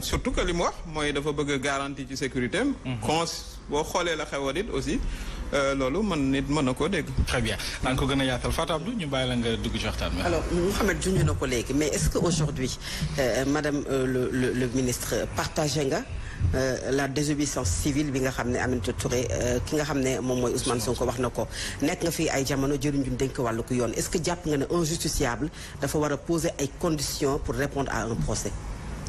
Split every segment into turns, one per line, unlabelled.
surtout que les mois, il faut dafa sécurité Quand mhm. la aussi euh, Lolo, man nit très bien alors
Mohamed, junj nos collègues, mais est-ce que euh, madame euh, le, ministre partage la désobéissance civile bi nga xam à Touré ki nga xamné mom moy Ousmane Sonko nga fi ay est-ce que japp nga injusticiable dafa poser ay conditions pour répondre à un procès.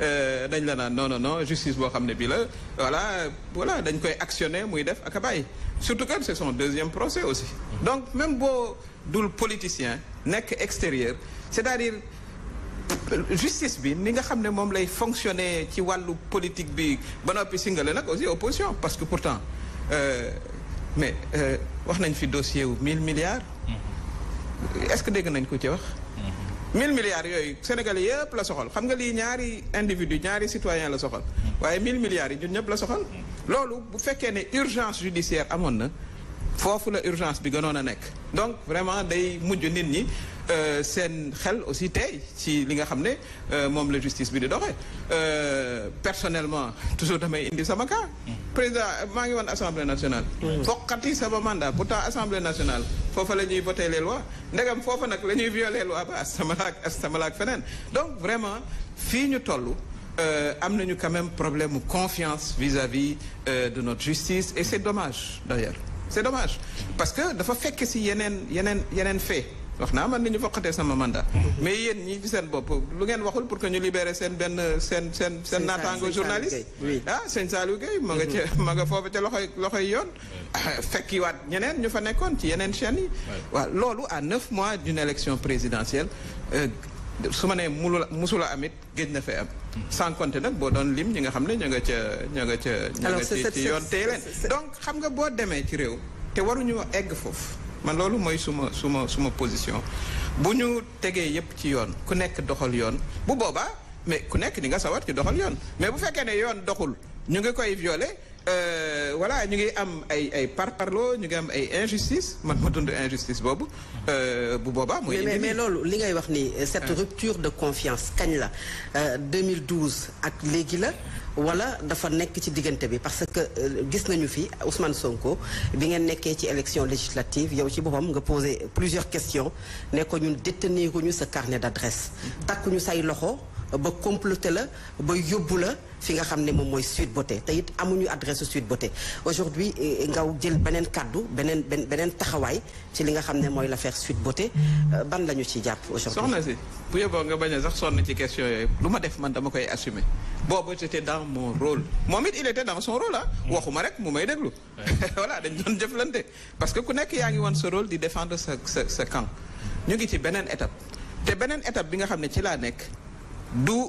Euh, dañ non non non justice vous voilà voilà dañ koy actionné muy def ak surtout que c'est son deuxième procès aussi donc même si le politicien nekk extérieur c'est-à-dire justice bi ni nga xam ne lay fonctionner ci le politique bi ba noppi singale aussi opposition parce que pourtant euh, mais euh, wax nañ fi dossier wu 1000 milliards mm-hmm. est-ce que vous avez ko ci 1000 milliards yoy Sénégalais yépp la soxal xam nga li ñaari individu ñaari citoyen la soxal milliards ils ñun ñëpp la soxal loolu bu fekkee ne urgence judiciaire amoon na foofu la urgence bi gënoon a donc vraiment day nit euh, sen xel aussi tay ci li nga xamné ne euh, la justice bi di euh personnellement toujours damay indi sama cas. président ma ngi won assemblée nationale. foqati sama mandat pourtant assemblée nationale fofa lañuy voter voté les lois ndegam pas, nag la ñuy loi ba astamalaak astamalaak feneen donc vraiment fi ñu tollu Euh, nous quand même problème confiance vis-à-vis euh, de notre justice et c'est dommage d'ailleurs c'est dommage parce que dafa fekk si yeneen a un fait wax naa man nañu foqatee sama mandat mhm. mais yéen ñii fi seen bopp lu ngeen waxul pour que ñu libéré seen benn seen seen seen naataango journaliste ah sëñ Saliou Gueye ma nga ca mhm. ma foofu ca loxoy loxoy yoon fekki waat ñeneen ñu fa nekkoon ci yeneen chaînes yi waaw loolu à neuf mois d'une élection présidentielle euh, su ma nee mulula musula amit géej na fee am mhm. sans compter nag boo doon lim ñi nga xam ne ñu nga ca ña nga ca ña nga ci yoon tey leen donc xam nga boo demee ci réew te waruñu egg foofu man loolu mooy suma suma suma position bu ñu tegee yépp ci yoon ku nekk doxal yoon bu boobaa mais ku nekk di nga sawar ci doxal yoon mais bu fekkee ne yoon doxul ñu ngi koy violer Euh, voilà ñu ngi am ay ay parparloo ñu ngi am ay injustice man ma dund injustice boobu euh, bu boobaa mooy mais mais loolu
li ngay wax ni cette euh. rupture de confiance kañ la 2012 ak léegi la wala dafa nekk ci diggante bi parce que gis nañu fi Ousmane Sonko bi ngeen nekkee ci élection législative yow ci boppam nga posé plusieurs questions nous ko ñun ce carnet d'adresse mm-hmm. avons say loxo ba comploter la ba yóbbu la fi nga xam ne moom mooy Beauté te amuñu adresse Sud Beauté aujourd'hui eh, eh, nga jël Benen Kadou, Benen Benen taxawaay ci li nga xam ne l'affaire Sud Beauté euh, ban la ñu ci jàpp aujourd'hui soxna si
bu yeboo nga bañ a sax sonn ci question yooyu lu ma def man dama koy assumer j'étais dans mon rôle moom il était dans son rôle ah mm. waxuma rek mu may déglu voilà dañ doon jëflante parce que ku nekk ya ngi woon rôle di défendre ce, ce, camp ñu ngi ci beneen étape Et beneen étape bi nga xam ne ci laa du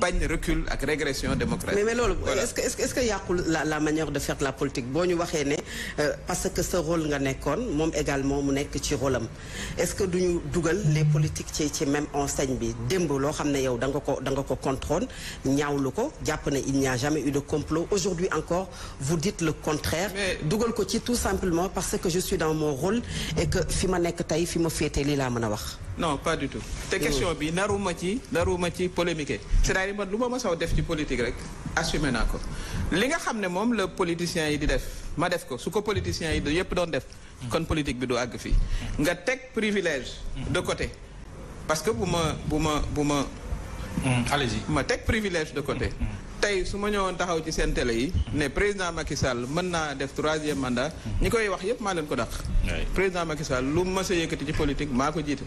bagn recul ak régression démocratique. mais mais est-ce que
est-ce que y la la manière de faire de la politique boñu euh, parce que ce rôle nga pas mom également mu nekk ci rôle am est-ce que duñu les politiques ci ci même enseigne bi démb lo xamné ne yow da nga ko da nga ko contrôle ñaawlu ko japp ne il n'y a jamais eu de complot aujourd'hui encore vous dites le contraire. Google ko ci tout simplement parce que je suis dans mon rôle et que fi ma dans mon fi ma que je suis dans wax
non pas du tout te question bi naruma ci naruma ci polémique cest d'ailleurs dire man lu ma mosaw def ci politique rek assumé naa ko li nga xam le politicien yi di def ma def ko su ko politicien yi plus d'un def kon politique bi du àgg nga teg privilège de côté parce que vous ma vous ma vous ma hmm, allez-y ma teg privilège de côté hmm, hmm. Tay, su ma ñëwoon taxaw ci seen télé yi ne président Macky Sall mën naa def troisième mandat ñi koy wax yépp maa leen ko président Macky Sall c'est ma sa ci politique Ma ko jiite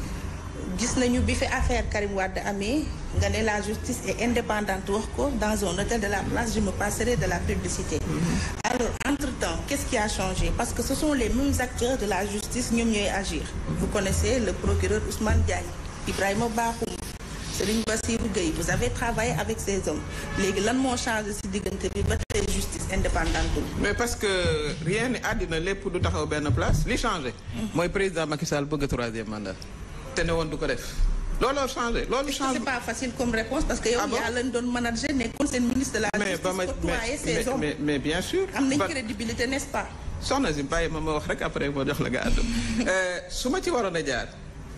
gis nañu bi affaire Karim Wade gagner la justice est indépendante dans un hôtel de la place je me passerai de la publicité. Mhm. alors entre temps qu'est-ce qui a changé parce que ce sont les mêmes acteurs de la justice ñom ñoy agir. vous connaissez le procureur Ousmane Diagne Ibrahima Bahoum, Serigne Bassirou Gueye vous avez travaillé avec ces hommes Les lan moo changé ci votre bi justice indépendante
mais parce que rien n'a adina lepp du taxaw ben place li changé. moy mhm. président Macky Sall troisième mandat te
won woon du ko def. looloo changé loolu changé. c'est pas facile comme réponse parce que yow ah yaa leen doon manager nekkoon seen ministre de la justice mais
mais bien sûr. am nañ
crédibilité n'est-ce pas.
soxna si bàyyi ma ma wax rek après moo jox la nga àddu euh, su ma ci waroon a jaar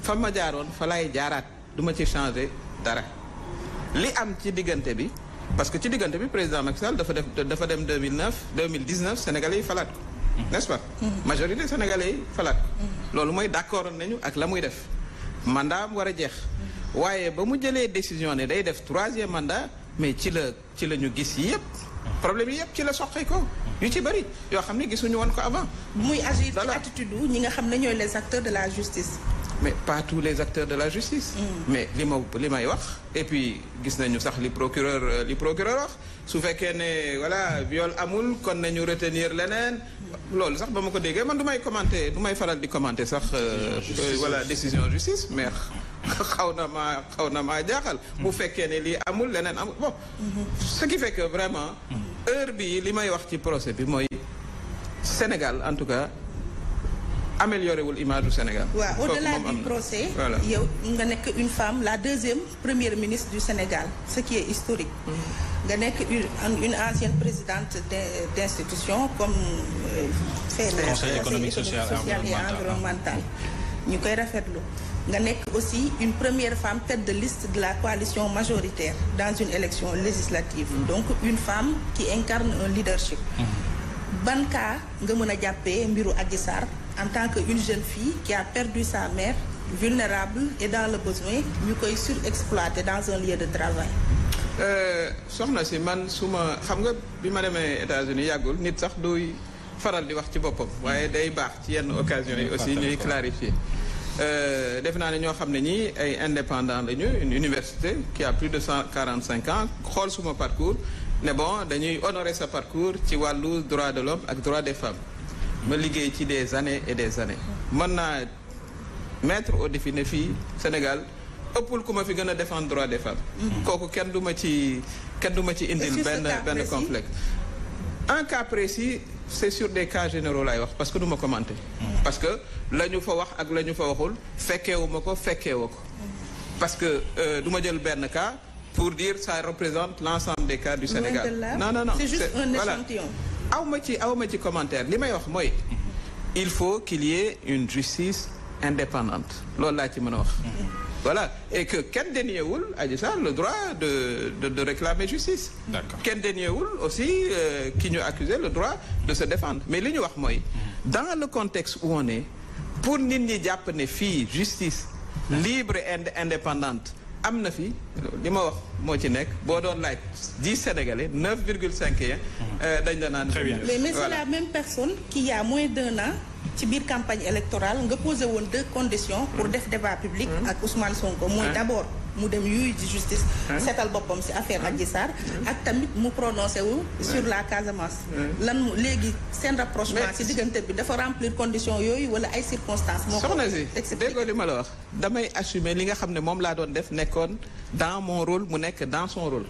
fa ma jaaroon fa laay jaaraat du ma ci changé dara li am ci diggante bi parce que ci diggante bi président Macky Sall dafa def dafa dem 2009 2019 sénégalais yi falaat ko mm-hmm. n'est-ce pas mm-hmm. majorité sénégalais yi falaat ko mm-hmm. loolu mooy d'accord nañu ak la muy def mandat wara ba mu décision né day def troisième mandat mais ci le, ci lañu yépp problème yépp ci la soqe ko yu ci avant
muy ci attitude les acteurs de la justice
mais pas tous les acteurs de la justice. Mm. mais les mots, les et puis gis nañu sax li procureur euh, li procureur ne voilà viol amul kon nañu retenir les nains sax ça ma ko déggee man du commenter du may faral di commenter ça euh, voilà décision justice mais xaw na maa xaw na maa jaaxal. bu fekkee ne lii amul bon. Mm-hmm. ce qui fait que vraiment. Mm-hmm. heure bi li qui wax ci procès bi Sénégal en tout cas améliorer l'image du Sénégal. au-delà du procès. il y a
une femme la deuxième première ministre du Sénégal ce qui est historique. Il mm-hmm. y une une ancienne présidente d'institution comme. Euh, le conseil économique social et environnemental ñu koy rafetlu. nga a aussi une première femme tête de liste de la coalition majoritaire dans une élection législative. Mm-hmm. donc une femme qui incarne un leadership. Mm-hmm. Banca, kaa nga en tant qu'une jeune fille qui a perdu sa mère, vulnérable et dans le besoin, ñu koy surexploité dans un lieu de travail.
Euh, soxna si man suma xam nga bi ma demee États-Unis yàggul nit sax duy faral di wax ci boppam waaye day baax ci yenn occasion yi aussi ñuy clarifier. Euh, def naa ne ñoo xam ne ñii ay indépendant une université qui a plus de 145 ans, ans xool suma parcours ne bon dañuy honorer sa parcours ci wàllu droit de l'homme ak droit des femmes ma liggéey ci des années et des années mën naa mettre au défi ne fii Sénégal ëppul ku ma fi gën a défendre droit des femmes mm-hmm. kooku kenn du ma ci kenn du ma ci indil benn benn complexe un cas précis c'est sur des cas généraux là, wax parce que du ma commenter mm-hmm. parce que la ñu fa wax ak la ñu fa waxul fekkeewu ma ko fekkeewu ko parce que euh, du ma jël benn cas pour dire ça représente l'ensemble des cas du Sénégal non non non c'est juste un échantillon awma ci awma ci commentaire li may wax mooy il faut qu'il y ait une justice indépendante loolu laa ci wax voilà et que kenn a dit ça le droit de de, de réclamer justice Ken déniewul aussi euh, ki ñu accusé le droit de se défendre mais li ñu wax dans le contexte où on est pour nit ñi jàpp ne fii justice libre et indépendante am na fi li ma wax sénégalais 9,5% virgule mais c'est la
même personne qui a moins d'un an ci biir campagne électorale nga posé woon deux conditions pour def débat public hum. ak Ousmane Sonko mooy hum. d'abord mu dem yuy ji justice hum. seetal boppam si affaire Adji Sarr ak tamit mu prononcé wu sur la Casamance lan mu léegi seen rapprochement si diggante bi dafa remplir condition yooyu wala ay circonstances moo soxna
si déggoo li ma la wax damay assumer li nga xam ne moom laa doon def nekkoon dans mon rôle mu nekk dans son rôle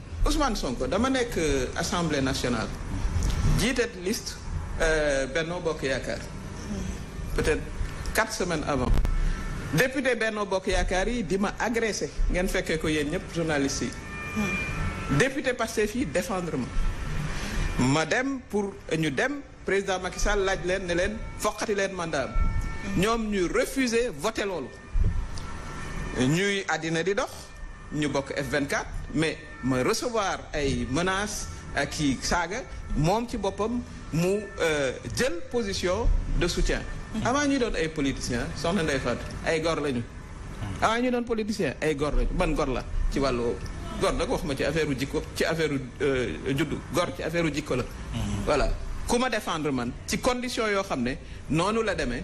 Ousmane Sonko dama à euh, assemblée nationale été liste euh, Benno Benoît Yaakaar peut-être quatre semaines avant député Benno Bokk il ma agressé Il fekkee ko que ñëpp journalistes député Pastef défendre moi. Madame, pour nous, dem président Macky Sall l'adlène, nous qu'il refusé foqati leen mandat avons voter Nous, ñuy àddina di dox ñu F24 mais. ma recevoir ay menaces ak i saaga moom ci boppam mu euh, jël position de soutien. avant ñuy doon ay politiciens soxna Ndeye Fatou ay gor lañu. avant ñuy doon politiciens ay gor lañu ban gor la ci wàllu gor nag wax ma ci affaire jikko ci affaire euh, juddu gor ci affaire jikko la. Mm-hmm. voilà ku ma défendre man ci condition yoo xam ne noonu la demee.